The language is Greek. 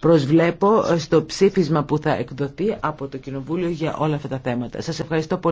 Προσβλέπω στο ψήφισμα που θα εκδοθεί από το Κοινοβούλιο για όλα αυτά τα θέματα. Σας ευχαριστώ πολύ.